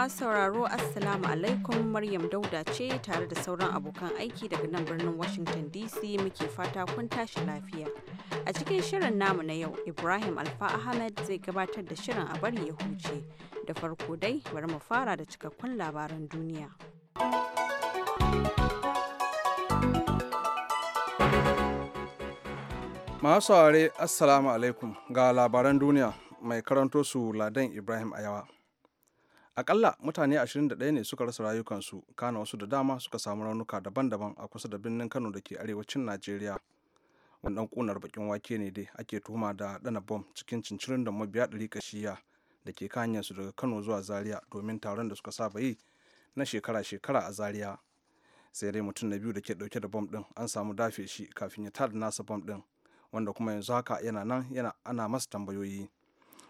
masu sauraro Assalamu alaikum Maryam Dauda ce tare da sauran abokan aiki daga nan birnin Washington DC muke fata kun tashi lafiya. A cikin shirin namu na yau, Ibrahim Alfa Ahmed zai gabatar da shirin a bari ya huce. Da farko dai bari mu fara da cikakkun labaran duniya. Masu saurare Assalamu alaikum ga labaran duniya mai karanto su Ladan Ibrahim Ayawa. akalla mutane 21 ne suka rasa rayukansu kana wasu da dama suka samu raunuka daban-daban a kusa da birnin kano da ke arewacin najeriya wannan kunar bakin wake ne dai ake tuhuma da dana bom cikin cincirin da mabiya ɗari kashiya da ke kan su daga kano zuwa zaria domin taron da suka saba yi na shekara-shekara a zaria sai dai mutum na biyu da ke ɗauke da bom ɗin an samu dafe shi kafin ya tada nasa bom ɗin wanda kuma yanzu haka yana nan yana ana masa tambayoyi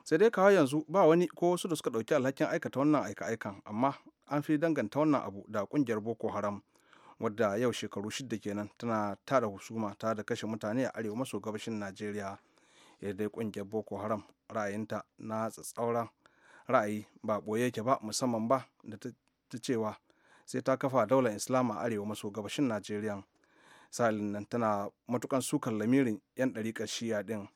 sai dai kawai yanzu ba wani ko wasu da suka dauki alhakin aikata wannan aika-aikan amma an fi danganta wannan abu da kungiyar boko haram wadda yau shekaru shida kenan tana tara husuma ta da kashe mutane a arewa maso gabashin najeriya yadda kungiyar boko haram ra'ayinta na tsatsauran ra'ayi ba ɓoye yake ba musamman ba da ta cewa sai ta kafa daular islam a arewa maso gabashin najeriya sa'ilin nan tana matukan sukan lamirin 'yan ɗariƙar shiya ɗin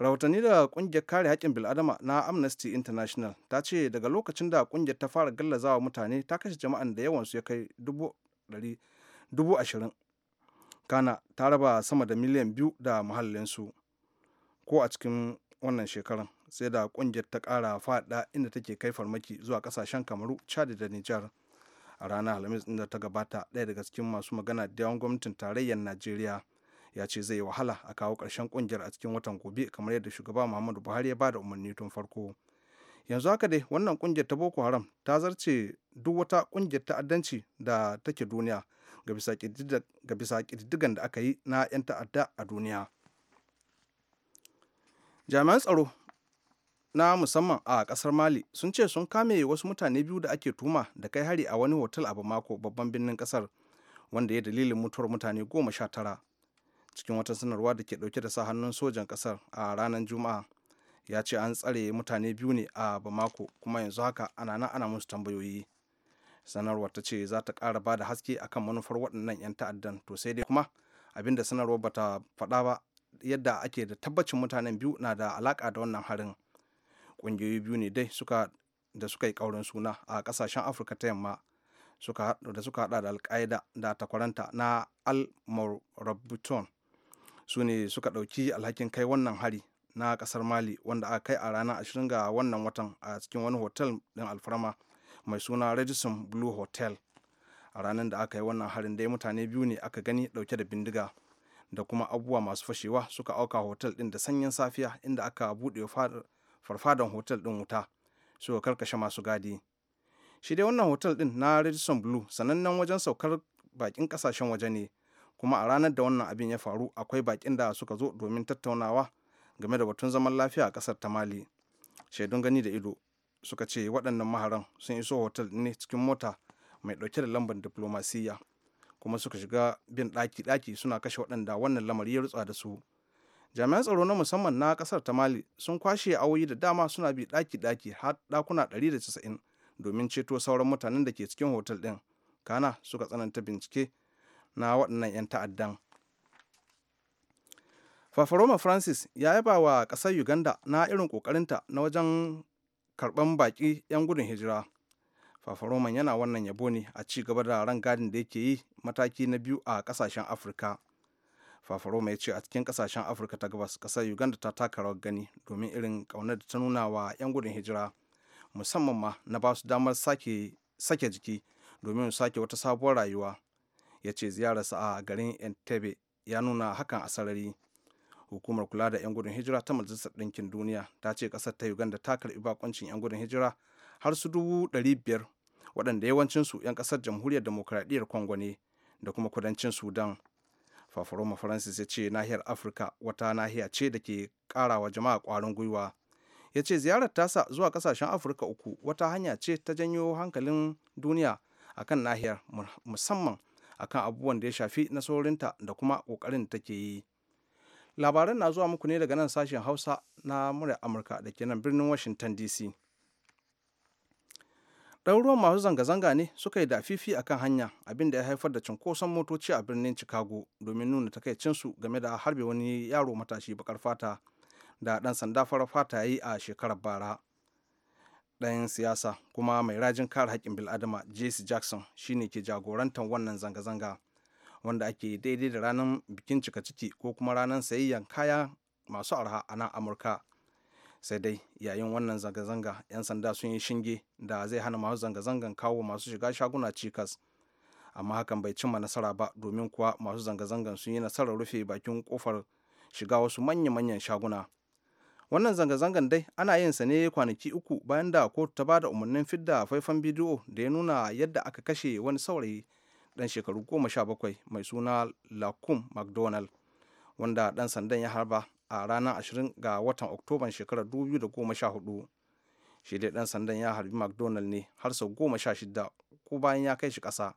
rahotanni da kungiyar kare haƙƙin bil'adama na amnesty international ta ce daga lokacin da kungiyar ta fara gallazawa mutane ta kashe jama'an da yawansu ya kai dubu ashirin kana ta raba sama da miliyan biyu da muhallinsu ko a cikin wannan shekarar sai da kungiyar ta ƙara faɗa inda take kai farmaki zuwa ƙasashen kamaru chad da nijar a ranar alhamis inda ta gabata ɗaya daga cikin masu magana da yawan gwamnatin tarayyar najeriya ya ce zai yi wahala a kawo ƙarshen ƙungiyar a cikin watan gobe kamar yadda shugaba muhammadu buhari ya bada umarni tun farko yanzu haka dai wannan ƙungiyar ta boko haram ta zarce duk wata ƙungiyar ta'addanci da take duniya ga bisa ƙididdigan da aka yi na 'yan ta'adda a duniya jami'an tsaro na musamman a kasar mali sun ce sun kame wasu mutane biyu da ake tuma da kai hari a wani hotel a bamako babban birnin kasar wanda ya dalilin mutuwar mutane goma sha tara cikin wata sanarwa da ke dauke da sa hannun sojan kasar a ranar juma'a ya ce an tsare mutane biyu ne a bamako kuma yanzu haka ana nan ana musu tambayoyi sanarwar ta ce za ta ƙara ba da haske akan manufar waɗannan 'yan ta'addan to sai dai kuma abin da sanarwar bata faɗa ba yadda ake da tabbacin mutanen biyu na da alaka da wannan harin ƙungiyoyi biyu ne dai suka da suka yi ƙaurin suna a ƙasashen afirka ta yamma da suka haɗa da alƙaida da takwaranta na al su ne suka ɗauki alhakin kai wannan hari na ƙasar mali wanda aka kai a ranar ashirin ga wannan watan a cikin wani hotel din alfarma mai suna redison blue hotel a ranar da aka yi wannan harin dai mutane biyu ne aka gani ɗauke da bindiga da kuma abubuwa masu fashewa suka auka hotel din da sanyin safiya inda aka buɗe farfadan hotel din wuta suka karkashe masu gadi shi dai wannan hotel din na redison blue sanannen wajen saukar bakin kasashen waje ne kuma a ranar da wannan abin ya faru akwai bakin da suka zo domin tattaunawa game da batun zaman lafiya a kasar tamali shaidun gani da ido suka ce waɗannan maharan sun iso hotel ne cikin mota mai ɗauke da lambar diplomasiyya kuma suka shiga bin ɗaki-ɗaki suna kashe waɗanda wannan lamari ya rutsa da su jami'an tsaro na musamman na kasar tamali sun kwashe awoyi da dama suna bi ɗaki-ɗaki har ɗakuna casa'in domin ceto sauran mutanen da ke cikin hotel ɗin kana suka tsananta bincike na waɗannan 'yan ta'addan fafaroma francis ya yaba wa ƙasar uganda na irin ƙoƙarinta na wajen karɓan baƙi 'yan gudun hijira fafaroman yana wannan yabo ne a ci gaba da rangadin da yake yi mataki na biyu a ƙasashen afirka fafaroma ya ce a cikin ƙasashen afirka ta gabas ƙasar uganda ta taka rawar gani domin irin ƙaunar da ta nuna wa 'yan gudun hijira musamman ma na ba su damar sake jiki domin sake wata sabuwar rayuwa ya ce ziyararsa a garin entebbe ya nuna hakan a sarari hukumar kula da 'yan gudun hijira ta majalisar ɗinkin duniya ta ce ƙasar ta uganda ta karɓi bakoncin 'yan gudun hijira har su dubu ɗari biyar waɗanda su 'yan ƙasar jamhuriyar demokuraɗiyyar kongo ne da kuma kudancin sudan fafaroma francis ya ce nahiyar afirka wata nahiya ce da ke wa jama'a ƙwarin gwiwa ya ce ziyarar tasa zuwa ƙasashen afirka uku wata hanya ce ta janyo hankalin duniya akan nahiyar musamman akan abubuwan da ya shafi na nasarorinta da kuma kokarin da take yi labaran na zuwa muku ne daga nan sashen hausa na murya amurka da ke nan birnin washington dc ɗaruruwan masu zanga-zanga ne suka yi da fifi akan hanya abin da ya haifar da cunkoson motoci a birnin chicago domin nuna takaicinsu game da harbe wani yaro matashi bakar fata da ɗan sanda fara fata ya yi a shekarar bara ɗayan siyasa kuma mai rajin kare haƙƙin bil'adama jesse jackson shine ke jagorantar wannan zanga-zanga wanda ake daidai da ranar bikin cika ciki ko kuma ranar sayayyan kaya masu arha a nan amurka sai dai yayin wannan zanga-zanga 'yan sanda sun yi shinge da zai hana masu zanga-zangan kawo masu shiga shaguna cikas amma hakan bai cimma nasara ba domin kuwa masu zanga-zangan sun yi nasarar rufe bakin kofar shiga wasu manya-manyan shaguna wannan zanga-zangan dai ana yin sa ne kwanaki uku bayan da kotu ta bada umarnin fidda faifan bidiyo da ya nuna yadda aka kashe wani saurayi dan shekaru goma sha bakwai mai suna lakum mcdonald wanda dan sandan ya harba a ranar 20 ga watan oktoban shekarar 2014 shi dai dan sandan ya harbi mcdonald ne har sau goma sha shida ko bayan ya kai shi kasa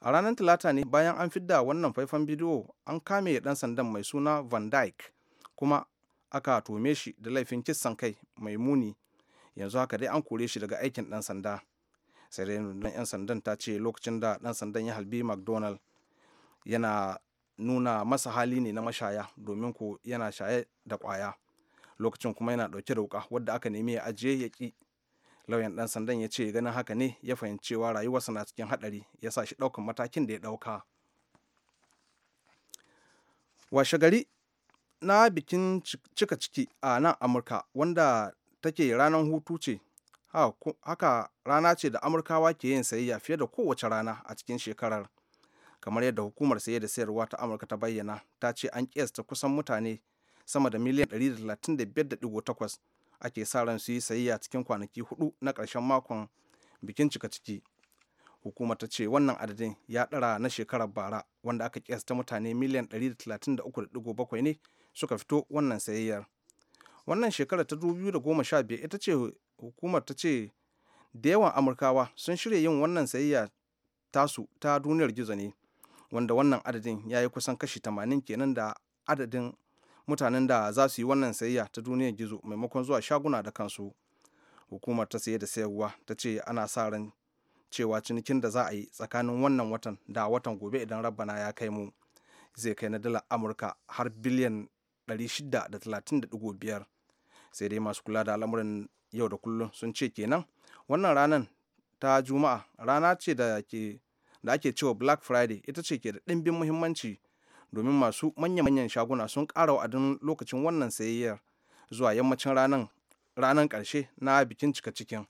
a ranar talata ne bayan an fidda wannan faifan bidiyo an kame dan sandan mai suna van dyke kuma aka tome shi da laifin kisan kai mai muni yanzu haka dai an kore shi daga aikin ɗan sanda sai dai rundunar 'yan sandan ta ce lokacin da ɗan sandan ya halbi mcdonald yana nuna masa hali ne na mashaya domin ko yana shaye da kwaya lokacin kuma yana dauke da wuka wadda aka nemi ya ajiye ya ƙi lauyan ɗan sandan ya ce ganin haka ne ya fahimci cewa rayuwarsa na cikin haɗari ya sa shi ɗaukan matakin da ya ɗauka washe gari na bikin cika ciki a nan amurka wanda take ranar hutu ce haka rana ce da amurkawa ke yin sayayya fiye da kowace rana a cikin shekarar kamar yadda hukumar saye da sayarwa ta amurka ta bayyana ta ce an kiyasta kusan mutane sama da miliyan 135.8 ake sa ran su yi sayayya cikin kwanaki hudu na ƙarshen makon bikin cika ciki hukumar ta ce wannan adadin ya ɗara na shekarar bara wanda aka kiyasta mutane miliyan 133.7 ne suka fito wannan sayayyar wannan shekarar ta 2015 ita ce hukumar ta ce da yawan amurkawa sun shirya yin wannan sayayya tasu ta duniyar gizo ne wanda wannan adadin ya yi kusan kashi 80 kenan da adadin mutanen da za su yi wannan sayayya ta duniyar gizo maimakon zuwa shaguna da kansu hukumar ta saye da sayarwa ta ce ana sa ran cewa cinikin da za a yi tsakanin wannan watan da watan gobe idan rabbana ya kai mu zai kai na dala amurka har biliyan 630.5 sai dai masu kula da al'amuran yau da kullum sun ce kenan wannan ranar ta juma'a rana ce da ake cewa black friday ita ce ke da ɗimbin muhimmanci domin masu manya-manyan shaguna sun ƙara wa'adin lokacin wannan sayayyar zuwa yammacin ranar ƙarshe na bikin cika cikin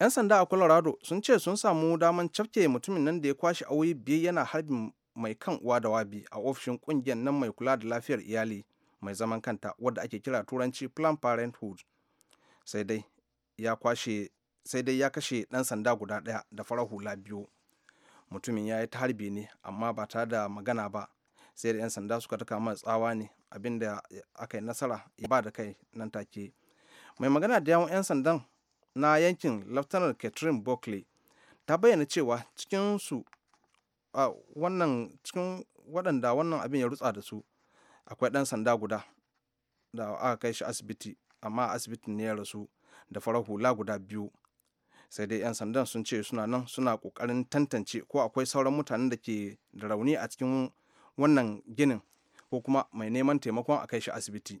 'yan sanda a colorado sun ce sun samu daman cafke mutumin nan da ya kwashe auyi biyu yana harbin mai kan uwa da wabi a ofishin kungiyar nan mai kula da lafiyar iyali mai zaman kanta wadda ake kira turanci planned parenthood sai dai ya kwashe sai dai ya kashe ɗan sanda guda ɗaya da farar hula biyu mutumin ya yi ta harbi ne amma ba tare da magana ba sai da 'yan sanda suka taka masa tsawa ne abinda aka yi nasara ya ba da kai nan take mai magana da yawon 'yan sandan na yankin Lieutenant catherine buckley ta bayyana cewa cikin su a wannan cikin waɗanda wannan abin ya rutsa da su akwai ɗan sanda guda da aka kai shi asibiti amma asibitin ne ya rasu da farar hula guda biyu sai dai 'yan sandan sun ce suna nan suna kokarin tantance ko akwai sauran mutanen da ke da rauni a cikin wannan ginin ko kuma mai neman taimakon a kai shi asibiti.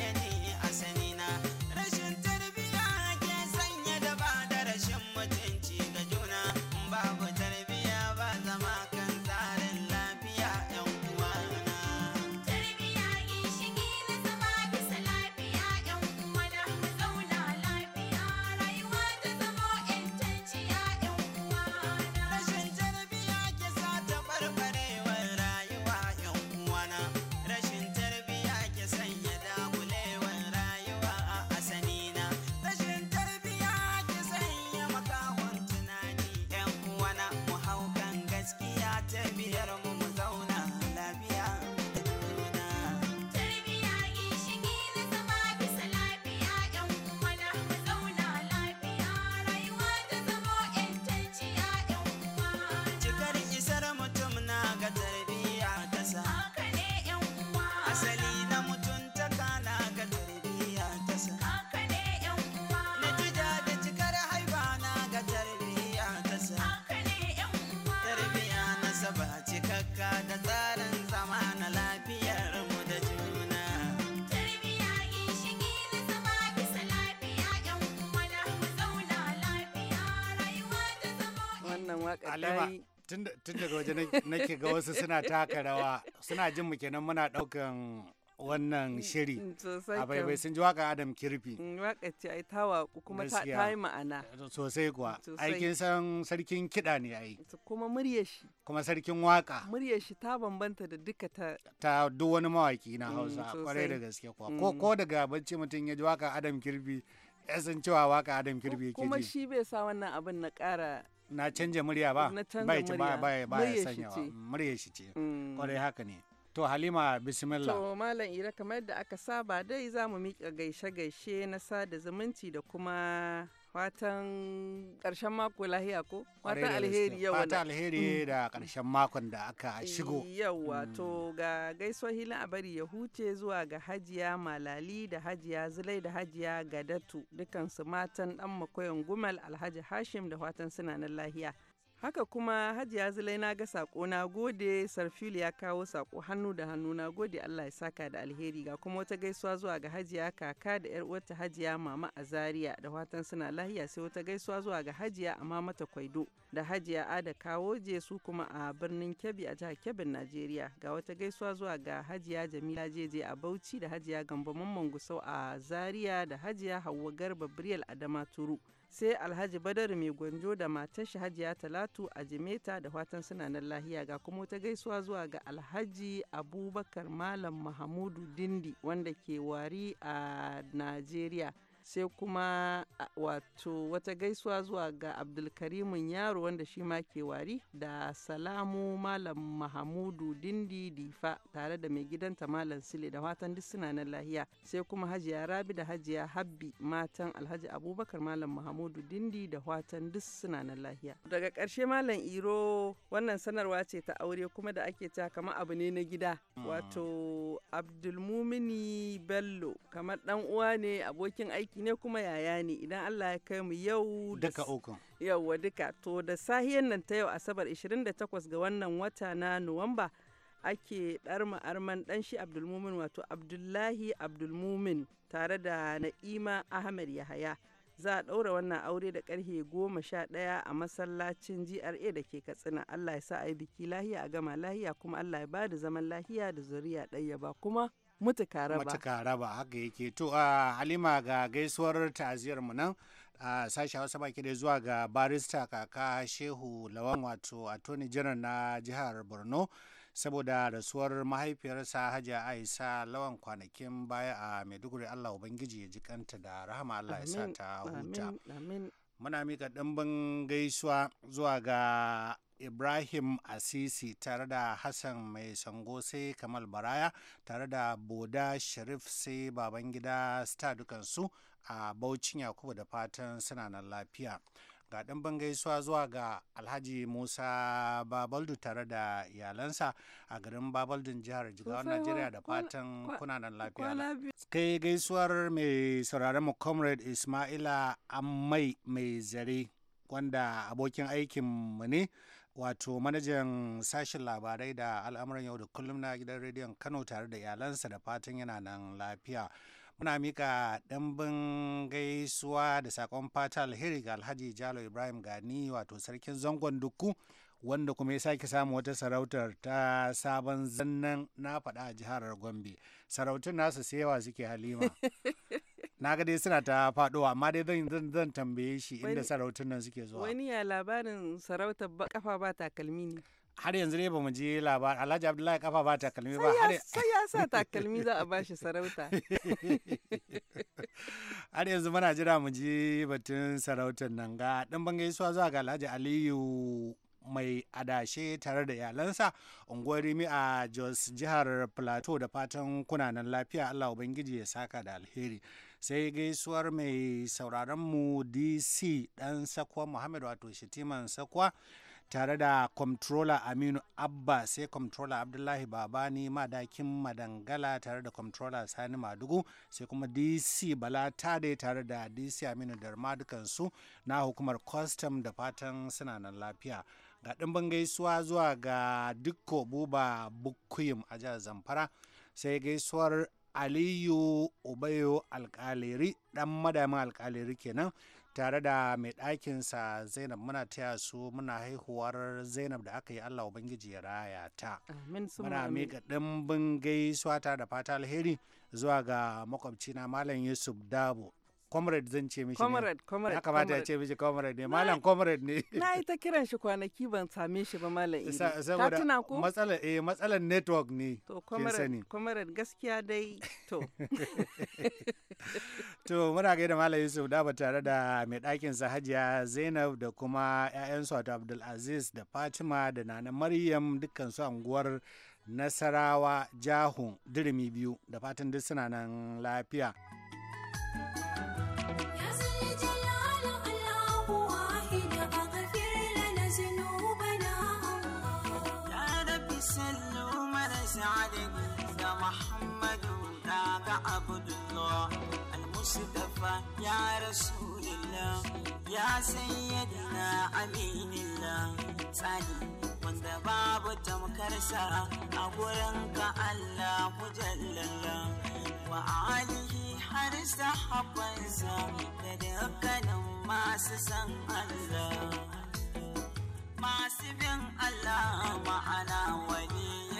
any alima tun daga waje nake ga wasu suna taka rawa suna jin mu kenan muna daukan wannan mm, shiri a mm, baibai sun ji waka adam kirfi mm, waka ce ai ta waku kuma ta yi ma'ana sosai kuwa aikin san sarkin kiɗa ne ai kuma murya shi kuma sarkin waka murya shi ta bambanta da duka ta ta duk wani mawaki na hausa kwarai da gaske kuwa ko daga bacci mutum ya ji waka adam kirfi ya san cewa waka adam kirfi ke ji kuma shi bai sa wannan abin na ƙara na canja murya ba bai ci ba ya sanya sanyawa murya shi ce mm. kwarai haka ne to halima bismillah to malam ira kamar da aka saba dai za mu miƙa gaishe gaishe na sada zumunci da kuma Fatan ƙarshen mako lahiya ko? Fatan alheri yau Fatan alheri mm. da ƙarshen makon da aka eh, shigo. Yau wato mm. ga gaisuwar hilin a bari ya huce zuwa ga hajiya malali da hajiya zulai da hajiya gadatu dukansu matan ɗan makoyan gumal alhaji hashim da fatan suna nan lahiya. Haka kuma Hajiya Zulai na ga sako na gode Sarfil ya kawo sako hannu da hannu na gode Allah ya saka da alheri ga kuma wata gaisuwa zuwa ga Hajiya kaka da yar uwarta Hajiya Mama a Azaria da watan suna lahiya sai wata gaisuwa zuwa ga Hajiya a mamata Kwaido. da hajiya ada kawoje su kuma a birnin kebbi a jihar kebbin najeriya ga wata gaisuwa zuwa ga hajiya jamila jeje a bauchi da hajiya gambo mamman gusau a zaria da hajiya hauwa garba briel adama turu sai alhaji badar mai gwanjo da matar shi hajiya talatu a jimeta da fatan suna nan lahiya ga kuma wata gaisuwa zuwa ga alhaji abubakar malam mahamudu dindi wanda ke wari a najeriya sai kuma wato wata gaisuwa zuwa ga abdulkarimin yaro wanda shi ma ke wari da salamu malam mahamudu dindi difa tare da mai gidanta malam sile da watan duk suna nan lahiya sai kuma hajiya rabi da hajiya habbi matan alhaji abubakar malam mahamudu dindi da watan duk suna nan lahiya daga karshe malam iro wannan sanarwa ce ta aure kuma da ake ta kama abu ne na gida mm. wato abdulmumini bello kamar dan uwa ne abokin aiki ne kuma yaya ne idan Allah ya kai mu yau duka ukun yauwa duka to da sahiyan nan ta yau asabar 28 ga wannan wata na Nuwamba ake ɗarma arman ɗan shi Abdulmumin wato Abdullahi Abdulmumin tare da Na'ima Ahmed Yahaya za a daura wannan aure da karfe goma sha ɗaya a masallacin GRA da ke Katsina Allah ya sa a yi biki lahiya a gama lahiya kuma Allah ya ba da zaman lahiya da zuriya ɗaya ba kuma mutuka raba mutuka raba haka yake to a halima ga gaisuwar ta'aziyar mu nan a sashi hausa baki da zuwa ga barista kaka shehu lawan wato attorney general na jihar borno saboda rasuwar mahaifiyarsa hajiya Aisha lawan kwanakin baya a maiduguri allah ubangiji ya ji kanta da rahama allah ya sa ta huta muna mika ɗimbin gaisuwa zuwa ga ibrahim asisi tare da hassan mai sango sai kamal baraya tare da boda sharif sai babangida star dukansu a baucin yakubu da fatan suna nan lafiya ga ɗan gaisuwa zuwa ga alhaji musa babaldu tare da iyalansa a garin babaldun jihar jigawar najeriya da fatan kunanan lafiya kai gaisuwar mai sauraron mu comrade ismaila ammai mai zare wanda abokin aikin mu ne wato manajan sashen labarai da al'amuran yau da kullum na gidan rediyon kano tare da iyalansa da fatan yana nan lafiya muna mika ɗimbin gaisuwa da sakon fata alheri ga alhaji jalo ibrahim gani wato sarkin zangon dukku wanda kuma ya sake samu wata sarautar ta sabon zannan na faɗa a jihar gombe sarautun nasu sewa suke halima na ga dai suna ta fadowa amma dai zan zan tambaye shi inda sarautun nan suke zuwa wani ya labarin sarautar kafa ba takalmi ne har yanzu ne mu je labar Alhaji Abdullahi kafa ba takalmi ba har sai ya sa takalmi za a bashi sarauta har yanzu muna jira mu je batun sarautar nan ga dan bangaisuwa zuwa ga Alhaji Aliyu mai adashe tare da iyalansa unguwar rimi a jos jihar plateau da fatan kunanan lafiya allah ubangiji ya saka da alheri sai gaisuwar mai mu dc dan sakwa muhammad wato shitiman sakwa tare da comptroller aminu abba sai comptroller abdullahi babani madakin madangala tare da comptroller sani madugu sai kuma dc bala tade tare da dc aminu darmadukansu na hukumar custom da fatan suna nan lafiya ga dimbin gaisuwa zuwa ga dukko buba bukuyim a jihar zamfara sai gaisuwar aliyu ubayo alkaliri dan madamin alkaliri kenan tare da mai ɗakinsa zainab muna taya su muna haihuwar zainab da aka yi allah ubangiji ya raya ta muna miƙa ɗimbin gaisuwa ta da fata alheri zuwa ga makwabcina malam yusuf dabo comrade zan ce mishi ne comrade ya kamata ya ce mishi comrade ne malam comrade ne na yi ta kiran shi kwanaki ban same shi ba malam iri ta tuna ko matsalar eh matsalan network ne to comrade comrade gaskiya dai to to muna gaida malam yusuf da ba tare da mai ɗakin sa hajiya zainab da kuma su wato abdulaziz da fatima da nana maryam dukkan su anguwar nasarawa jahun dirimi biyu da fatan duk suna nan lafiya. سعدني ده محمد داك عبد الله المصطفى يا رسول الله يا سيدنا أمين الله سعدي wanda babu tamkarsa a ka Allah mujallala wa alihi har sahabansa da dukkanin masu san Allah masu bin Allah ma'ana wani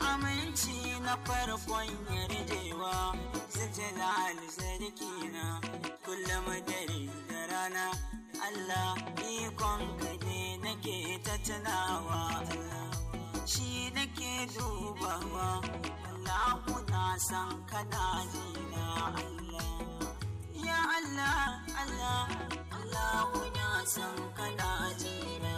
aminci na farkon yarjewa sujjada alisarki na kullum dare da rana Allah ikon ne nake ta tunawa shi nake dubawa Allah kuna san kana jina Allah ya Allah Allah Allah kuna san kana jina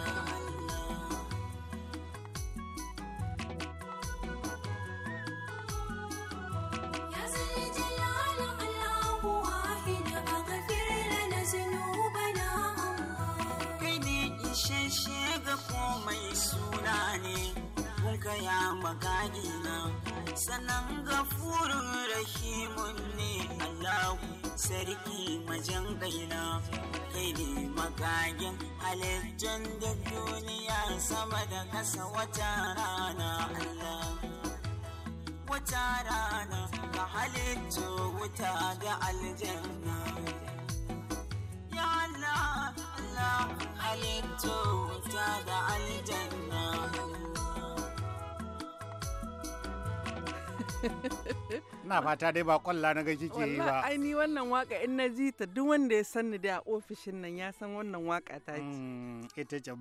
mai suna ne kuka ya maganina sannan gafurin rahimun ne allahu sarki majan gaina kai ne magagin halittun da duniya sama da kasa wata rana allah wata rana ka halittu wuta da aljanna na fata dai ba kwalla na gaji ke yi ba ai ni wannan waka in na ji ta duk wanda ya san dai da ofishin nan ya san wannan waka ta ji mm, ita ce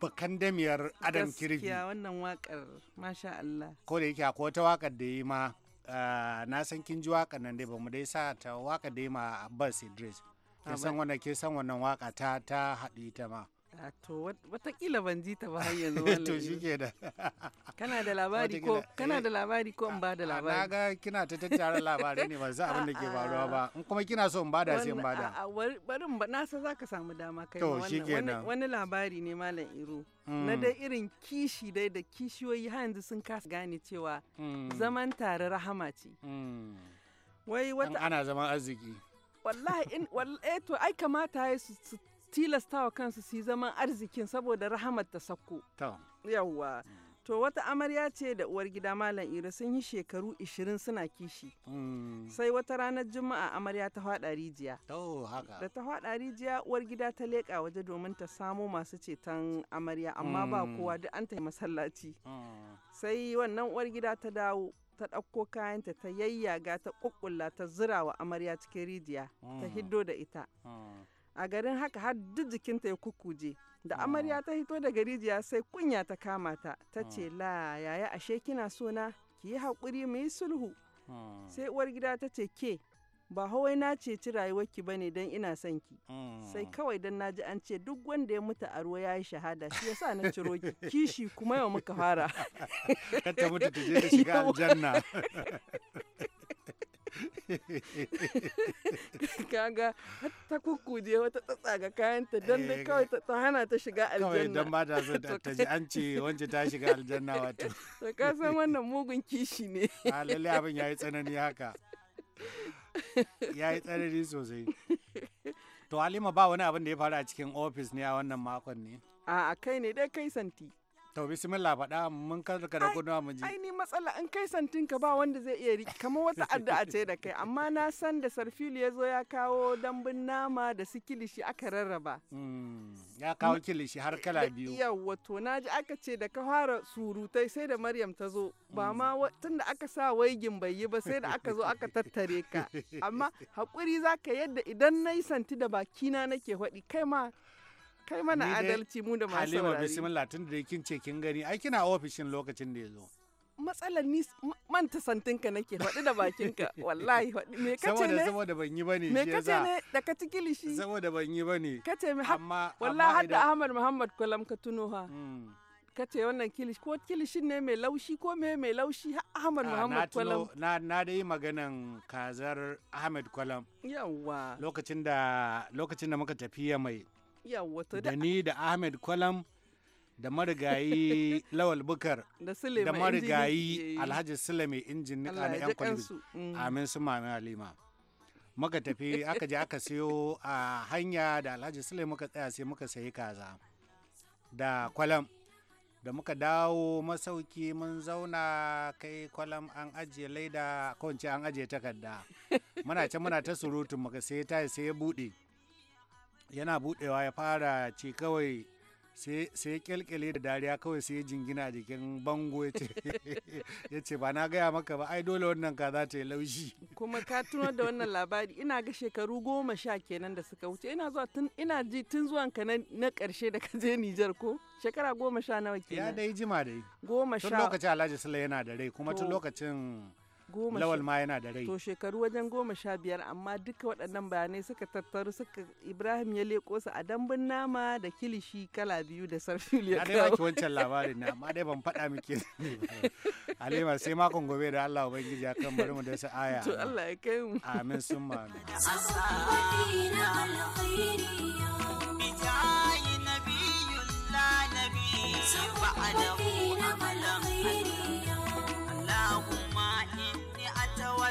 bakan damiyar adam kirbi gaskiya wannan wakar masha Allah ko da yake akwai wata wakar da yi ma eh, na san kin ji wakar nan dai ba mu dai sa ta wakar da yi ma Abbas Idris ke ah, san wannan ke san wannan waka ta ta haɗu ita ma ah, to watakila ban ji ta ba har yanzu to shi ke da kana da labari ko kana eh. da labari ko in ba da ah, labari na ga kina ta tattara labari ne ba za abin da ke faruwa ba in kuma kina so in ba da sai in ba da bari ba na san zaka samu dama kai to shi kenan wani labari ne malam iro na mm. dai irin kishi dai da kishiyoyi har yanzu sun kasa gane cewa mm. zaman tare rahama ce mm. wai wata ana zaman arziki wallahi in wallahi eh to ai kamata ya su wa kansu su zaman arzikin saboda rahamar ta sakko yawwa mm. To wata amarya ce da uwar gida Malam Ira sun yi shekaru 20 suna kishi. Mm. Sai wata ranar Juma'a amarya ta fada rijiya. Da ta fada rijiya uwar gida ta leƙa waje domin ta samo masu ceton amarya amma ba mm. kowa duk an ta masallaci. Sai wannan uwar gida ta dawo ta ɗauko kayanta ta yayyaga ta ƙuƙƙulla ta zira wa amarya cikin rijiya ta mm. hiddo da ita mm. a garin haka har duk jikinta ya kukuje da mm. amarya ta hito daga rijiya sai kunya ta kama ta ta ce la yaya ashe kina so na ki yi haƙuri mu yi sulhu sai uwar gida ta ce ke ba hawai na ceci rayuwarki ba ne don ina son ki mm. sai kawai don naji an ce duk wanda ya mutu a ruwa ya yi shahada shi yasa na ciro ki kishi kuma yau muka fara ta mutu ta je ta shiga aljanna kaga ta kukkuje wata tsatsa eh, ga kayanta don dai kawai ta hana ta shiga aljanna kawai don ba ta so ta ji an ce wance ta shiga aljanna wato to ka san wannan mugun kishi ne a ah, lalle abin yayi tsanani haka ya yi tsanani sosai to halima ba wani abin da ya faru a cikin ofis ne a wannan makon ne a kai ne dai kai santi To bismillah faɗa mun ka da gudunwa mu ji. matsala in kai santin ka ba wanda zai iya riki kamar wata addu'a ce da kai amma na san da Sarfilu ya zo ya kawo dambun nama da su kilishi aka rarraba. Hmm, ya kawo kilishi har kala biyu. Yawwa to na ji aka ce da ka fara surutai sai da Maryam ta zo ba hmm. ma tun da aka sa waigin bai yi ba sai da aka zo aka tattare ka amma haƙuri za yadda idan na yi santi da bakina nake faɗi kai ma kai mana adalci mu da masu Halima bismillah tun da kin ce kin gani ai kina ofishin lokacin da ya zo. Matsalar ni manta santinka nake faɗi da bakinka wallahi faɗi me kace ne saboda ban yi bane me kace ne da ka ci kilishi saboda ban yi bane kace me amma wallahi har da Ahmad Muhammad Kwalam ka tuno ha. Hmm. kace wannan kilishi ko kilishin ne mai laushi ko me mai laushi Ahmad ah, Muhammad Kwalam na na dai maganan kazar Ahmad Kwalam yawwa lokacin da lokacin da muka tafiya mai da ni da Ahmed Kwalam da marigayi Lawal Bukar da marigayi Alhaji Sule mai injin nika na 'yan mm. Amin su mami Halima. Muka tafi aka je aka siyo a hanya da Alhaji Sule muka tsaya sai muka sayi kaza da kwalam. da muka dawo masauki mun zauna kai kwalam an ajiye laida kawance an ajiye takarda muna can muna ta surutu muka sai ta sai ya bude yana budewa ya fara ce kawai sai ya kyalkyale da dariya kawai sai ya jingina a jikin bango ya ce ba na gaya maka ba ai dole wannan ka za ta yi laushi kuma ka tuno da wannan labari ina ga shekaru goma sha kenan da suka wuce ina zuwa tun ina ji tun zuwan ka na karshe da ka je Nijar ko shekara goma sha nawa kenan ya dai jima dai goma sha tun lokacin Alhaji Sule yana da rai kuma tun lokacin goma lawal ma yana da rai to shekaru wajen goma sha biyar amma duka waɗannan bayanai suka tattaru suka ibrahim ya leko su a dambun nama da kilishi kala biyu da sarfil ya kawo na dai wancan labarin na amma dai ban faɗa miki halima sai makon gobe da allah ubangiji a kan bari mu da sa'aya aya to allah ya kai mu amin summa amin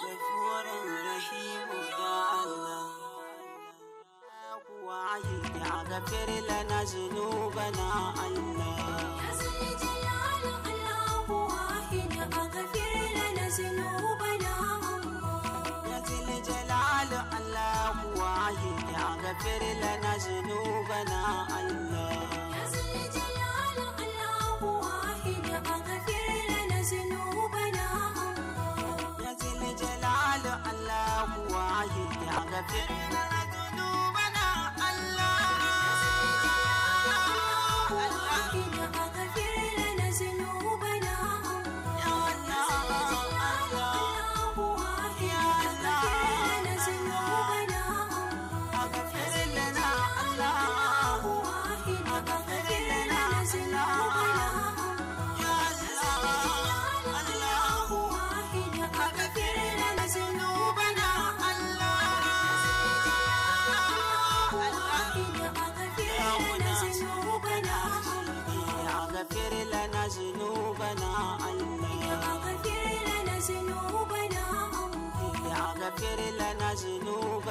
gafuwarin rahimu ya Allah kuwa ya gafir lana zunubana Allah ya zai jalalu Allah kuwa ya Allah ya jalalu Allah Allah la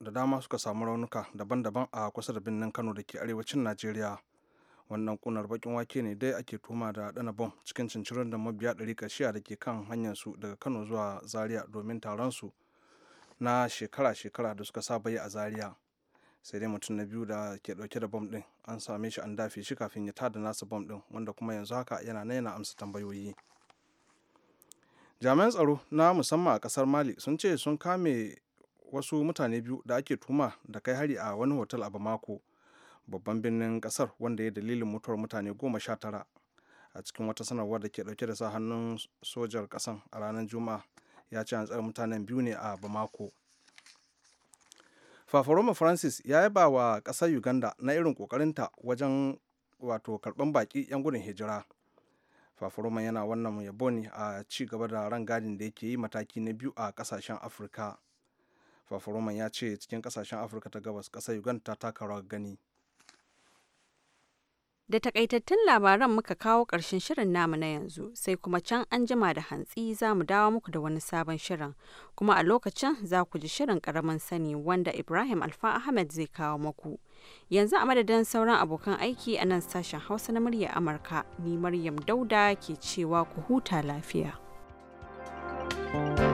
da dama suka samu raunuka daban-daban a kusa da birnin kano da ke arewacin najeriya wannan kunar bakin wake ne dai ake tuma da dana bom cikin cincirin da mabiya ɗari kashiya da ke kan hanyar su daga kano zuwa zaria domin taron su na shekara-shekara da suka saba yi a zaria sai dai mutum na biyu da ke ɗauke da bom ɗin an same shi an dafe shi kafin ya tada nasa bom ɗin wanda kuma yanzu haka yana na yana amsa tambayoyi jami'an tsaro na musamman a kasar mali sun ce sun kame wasu mutane biyu da ake tuma da kai hari a wani hotel a bamako babban birnin kasar wanda ya dalilin mutuwar mutane goma sha tara a cikin wata sanarwar da ke dauke da sa hannun sojar kasan a ranar juma'a ya ce an tsare mutanen biyu ne a bamako fafaroma francis ya yaba wa kasar uganda na irin kokarinta wajen wato karban baki yan gudun hijira fafaroma yana wannan yabo ne a ci gaba da rangadin da yake yi mataki na biyu a kasashen afirka fafaroman ya ce cikin kasashen afirka ta gabas ƙasar uganda ta taka gani Da takaitattun labaran muka kawo ƙarshen shirin namu na yanzu, sai kuma can an jima da hantsi za mu dawo muku da wani sabon shirin. Kuma a lokacin za ku ji shirin ƙaramin sani wanda Ibrahim Alfa Ahmed zai kawo muku. Yanzu a madadin sauran abokan aiki a nan sashen Hausa na murya Amurka, ni Maryam Dauda ke cewa ku huta lafiya. thank you